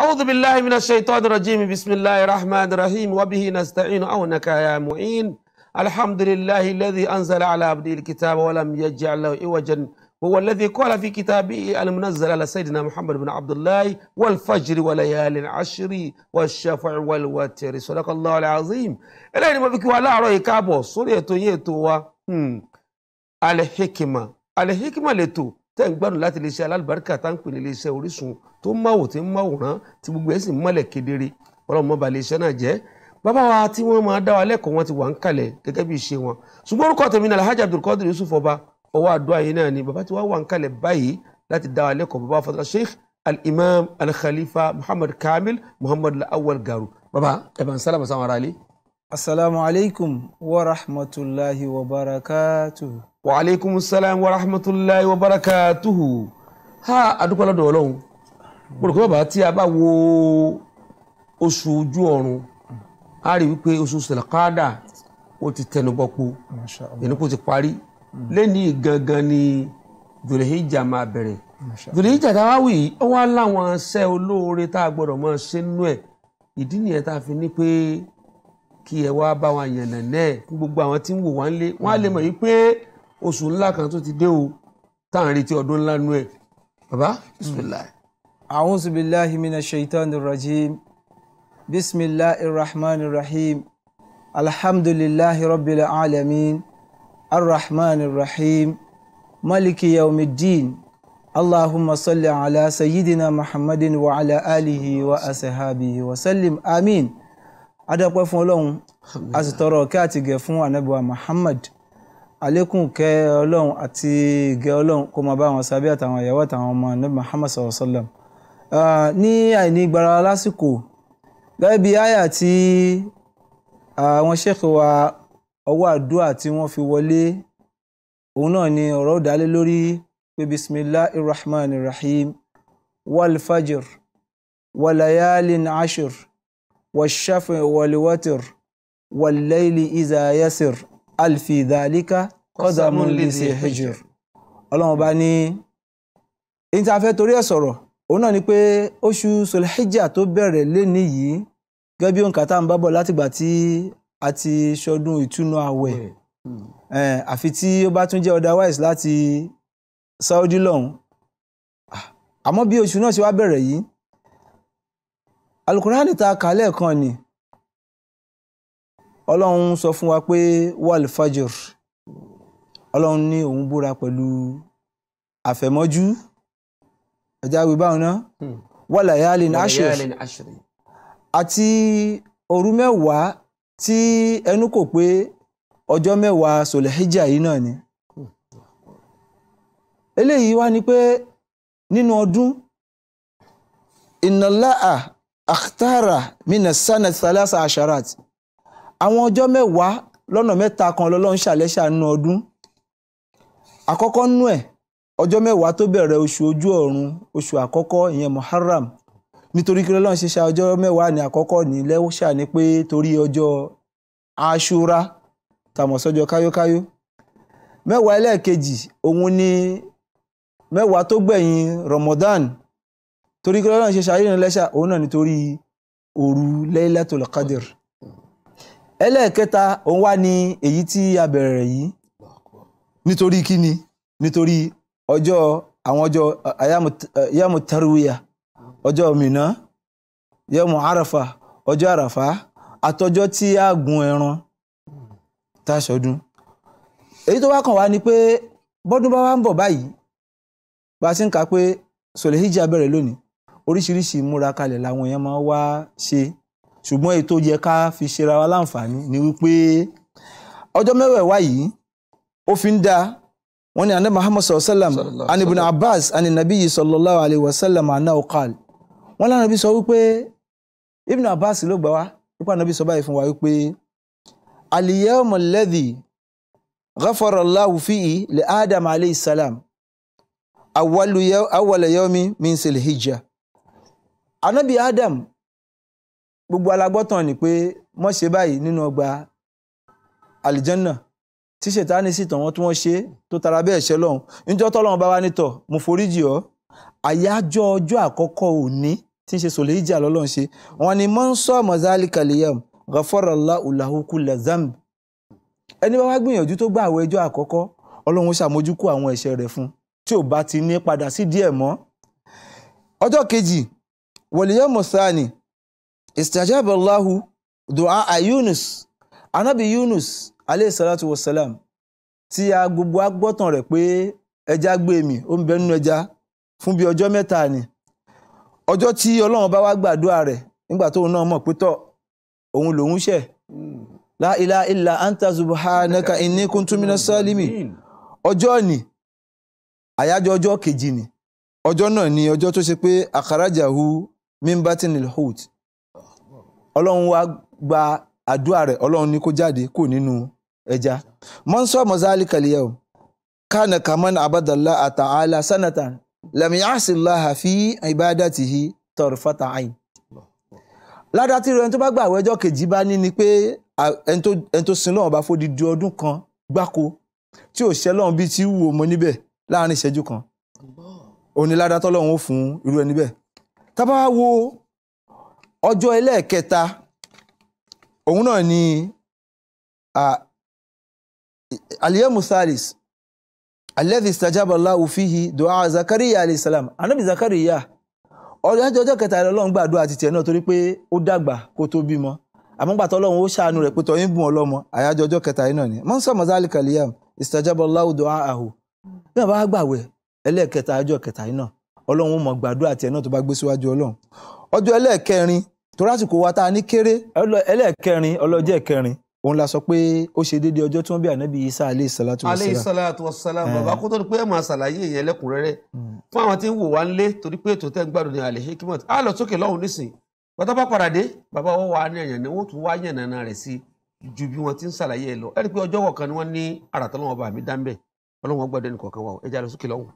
أعوذ بالله من الشيطان الرجيم بسم الله الرحمن الرحيم وبه نستعين أونك يا معين الحمد لله الذي أنزل على عبده الكتاب ولم يجعل له عوجا هو الذي قال في كتابه المنزل على سيدنا محمد بن عبد الله والفجر وليال العشر والشفع والوتر صدق الله العظيم إلينا ما بك ولا رأي كابو سورية يتوى الحكمة الحكمة لتو tẹ́ ń gbádùn láti iléeṣẹ́ alálùbáríkà tá ń pè ní iléeṣẹ́ Orísun tó máwò tí ń máwòrán tí gbogbo ẹ̀ sì mọ́lẹ̀ kedere ọlọ́mọ ba iléeṣẹ́ náà jẹ́ bàbá wa tí wọ́n máa dá wa lẹ́kọ̀ọ́ wọn ti wà ń kalẹ̀ gẹ́gẹ́ bí ìṣe wọn ṣùgbọ́n orúkọ tèmi ní Alhaji Abdulkadir Yusuf Ọba ọwọ́ àdúrà yìí náà ni bàbá tí wọ́n wà ń kalẹ̀ báyìí láti dá wa lẹ́kọ̀ọ́ bàbá fatah Sheikh al-Imam al-Khalifa Muhammad Kamil Muhammad Lawal Garu bàbá ẹ bá ń sálàmù sáwọn ará ilé. asalaamualeykum wa rahmatulahi wa barakatuhu wa aleykum salam wa rahmatulahi wa barakatuhu ha adúpẹ́ lọ́dọ̀ ọlọ́run gbọ́dọ̀ bàbá tí a bá wo oṣù ojú ọ̀run a rí wípé oṣù sẹ̀lẹ̀kádà ó ti tẹnubọ́po ẹni kó ti parí lẹ́ni gangan ni dùlẹ̀híjà máa bẹ̀rẹ̀ dùlẹ̀híjà tá a wá wì í ó wá láwọn ṣẹ́ olóore tá a gbọ́dọ̀ máa ṣe nínú ìdí nìyẹn tá fi ní pé kí ẹ wá bá wa yànnà náà fún gbogbo àwọn tí ń wò wá lé wọn á lè yìí pé oṣù ńlá kan tó ti dé o tá à ń retí ọdún ńlá nú ẹ bàbá bisimilahi. a'udhu billahi minash shaitanir rajim bismillahir rahmanir rahim alhamdulillahi rabbil alamin arrahmanir rahim maliki yawmiddin allahumma salli ala sayyidina muhammadin wa ala alihi wa ashabihi wa sallim amin adapẹ fún Ọlọ́run a sì tọrọ kí àtìgẹ fún anabiwa muhammad àlékún kẹ́ ọlọ́run àti ìgẹ́ ọlọ́run kó máa bá àwọn sábẹ́ àtàwọn ìyàwó àtàwọn ọmọ ní Muhammad sallallahu alayhi wa sallam ní àìní gbara lásìkò gẹ́gẹ́ bí àyà tí àwọn sheikh wa ọwọ́ àdúrà tí wọ́n fi wọlé òun náà ni ọ̀rọ̀ dálé lórí pé bisimilahi rahman rahim walfajr walayalin ashir washafi walwatir walayli iza yasir kọ́dàmú lèsè hijr ọlọ́run bá ní èyí tí a fẹ́ torí ẹ̀ sọ̀rọ̀ òun náà ni pé oṣù solhijjah tó bẹ̀rẹ̀ léni yìí gẹ́gẹ́ bí òǹkà tá à ń bá látìgbà tí a ti ṣọdún ìtúnu àwẹ̀ hmm. àfi tí ó bá tún jẹ́ otherwise láti Saudi lọ́hùn ah, àmọ́ bí oṣù náà ṣe wá bẹ̀rẹ̀ yìí alukurani ta kàálẹ̀ kan ni ọlọ́run sọ fún wa pé wàlfàjọ́rù ọlọ́run ní òun búra pẹ̀lú àfẹ̀mọ́jú ẹ̀já wí báwọn náà wàlà yálì àṣírí àti òru mẹ́wàá tí ẹnu kò pé ọjọ́ mẹ́wàá sòlẹ́hìjà yìí náà ni hmm. eléyìí wá ní pé nínú ọdún ìnàláà akhtara mina sana salasa asharat àwọn ọjọ́ mẹ́wàá lọ́nà mẹ́ta kan lọ́lọ́run ṣàlẹ́ṣà nínú ọdún àkọ́kọ́ nú ẹ̀ ọjọ́ mẹ́wàá tó bẹ̀rẹ̀ oṣù ojú ọ̀run oṣù àkọ́kọ́ ìyẹn muharram nítorí kí lọ́lọ́run ṣe ṣe ọjọ́ mẹ́wàá ní àkọ́kọ́ ní lẹ́wọ́ṣà ni pé torí ọjọ́ aṣura tàmọ̀ sọ́jọ́ káyókáyó mẹ́wàá ẹlẹ́ẹ̀kejì òun ni mẹ́wàá tó gbẹ̀yìn ramadan torí kí lọ́lọ́run ṣe ṣàyẹ̀yìn lẹ́ṣà òun náà nítorí òru laylatul qadr ẹlẹ́ẹ̀kẹta òun wá ní èyí tí a bẹ̀rẹ̀ yìí nítorí kíni nítorí ọjọ́ àwọn ọjọ́ eh, yàmù eh, tarwiya ọjọ́ mìíná yàmù arafa, ọjọ́ arafa, àtọjọ́ tí a gun ẹran tá a ṣọdún èyí tó wá kàn wá ni pé bọ́dún bá wá ń bọ̀ báyìí bá a ti ń kà pé sòlẹ́hìjà bẹ̀rẹ̀ lónìí oríṣiríṣi ìmúra kalẹ̀ làwọn èèyàn máa wá ṣe ṣùgbọ́n èyí yẹ ká fi ṣera wa láǹfààní ni wípé ọjọ́ mẹ́wẹ̀ẹ́wá yìí ó fi ń da wọ́n ní anabi muhammad sallallahu alayhi wa sallam ani ibn abbas ani nabiyyi sallallahu alayhi wa sallam ana okal wọ́n lára bí sọ wípé ibn abbas ló gbà wá wípé anabi sọ báyìí fún wa wípé al-yawm alladhi ghafara allahu fihi li adam alayhi salam awwal yawmi min anabi adam gbogbo alagbọ́tàn ni pé mọ̀ ṣe báyìí nínú ọgbà alìjánná tí ṣètánì sì tàn wọ́n tí wọ́n ṣe tó tara bẹ́ẹ̀ ṣẹ́ lọ́hùn níjọ́ tọ́lọ́run bá wá nítọ̀ mo foríjì ọ́ àyájọ́ ọjọ́ àkọ́kọ́ òní tí ń ṣe sòlẹ́jà lọ́lọ́run ṣe wọn ni mọ́ńsọ́ mọ́sálì kàlíyàm gàfọ́rọ̀lá ùlàhùkù lazamb ẹni bá wá gbìyànjú tó gbà àwọn ẹjọ́ àkọ́kọ́ ọlọ́run ṣàmójúkú àwọn ẹ̀ṣẹ̀ rẹ̀ fún tí ò bá ti ní padà sí díẹ̀ mọ́ ọjọ́ kejì wọ̀lẹ́yọ́ mọ̀sáàni ìsìtàjábọ̀láhù dùn àyúnus anábì yúnus aleyhi salatu wa salam tí a gbogbo a gbọ́tàn rẹ̀ pé ẹja gbé mi ó ń bẹ nínú ẹja fún bí ọjọ mẹta ni Ọjọ tí ọlọ́run bá wá gbàdúrà rẹ̀ nígbà tóun náà mọ̀ pé tọ̀ òun lòun ṣẹ̀ la ilaha ha anta subhanaka inni kuntu minas salimin ọjọ́ ni àyájọ́ ọjọ́ kejì ni ọjọ́ náà ni ọjọ́ tó ṣe pé akharajahu min batinil hut ọlọ́run wá gba àdúrà rẹ̀ ọlọ́run ní kó jáde kò nínú ẹja man sọmọ zalika al-yawm kana kaman abadallaha ta'ala sanatan lam ya'sillaha fi ibadatihi tarfata ayn. ládàá tí ẹni tó bá gbà àwọn ẹjọ́ kejì bá ní ni pé ẹni tó sin lọ́wọ́ bá fódìdí ọdún kan gbáko tí ò ṣẹ́ lọ́wọ́ bíi ti wù ọmọ níbẹ̀ láàrin ìṣẹ́jú kan òní ládàá tọ́lọ́wọ́n fún irú ẹni bẹ́ẹ̀. tá bá wo ọjọ́ ẹlẹ́ẹ̀kẹta òun náà ni a aliyamu thalis alladhi istajaba Allahu fihi du'a zakariya alayhi salam anabi zakariya ọjọ́ ọjọ́ kẹta rẹ̀ ọlọ́run gbàdúrà àti tiẹ̀ náà torí pé ó dàgbà kó tó bímọ àmọ́ gbàtọ́ ọlọ́run ó ṣàánú rẹ̀ pé tọ́yìn bùn ọlọ́mọ àyájọ́ ọjọ́ kẹta yìí náà ni mọ́nsá mọ́sálì kàlíyàm istajaba Allahu du'a àhù bí wọ́n bá gbàwẹ̀ ẹlẹ́ẹ̀kẹta ọjọ́ kẹta yìí náà ọlọ́run ó mọ̀ gbàdúrà tiẹ̀ náà òun la sọ pé ó ṣe déédéé ọjọ́ tí wọ́n bí ànábì isa aleyhi salatu wassalam. aleyhi salatu wassalam eh. bàbá kó tó di pé ẹ máa ṣàlàyé ìyẹn lẹ́kùnrẹ́rẹ́ hmm. fún àwọn tí ń wò wá ńlé torí pé ètò tẹ́ ń gbádùn ní àlè hekimot á lọ sókè lọ́hùn nísìn bàtà bá padà dé bàbá wọn wà á ní ẹ̀yàn ni wọ́n tún wá yàn nàna rẹ̀ sí ju bí wọ́n ti ń ṣàlàyé ẹ lọ ẹ rí i pé ọjọ́ kọ̀ọ̀kan ni wọ́n ní àràtọ́ lọ́wọ́ bá mi dá ń bẹ̀ ọlọ́wọ́n gbọ́dọ̀ ẹnì wà ẹ já lọ sókè lọ́hùn.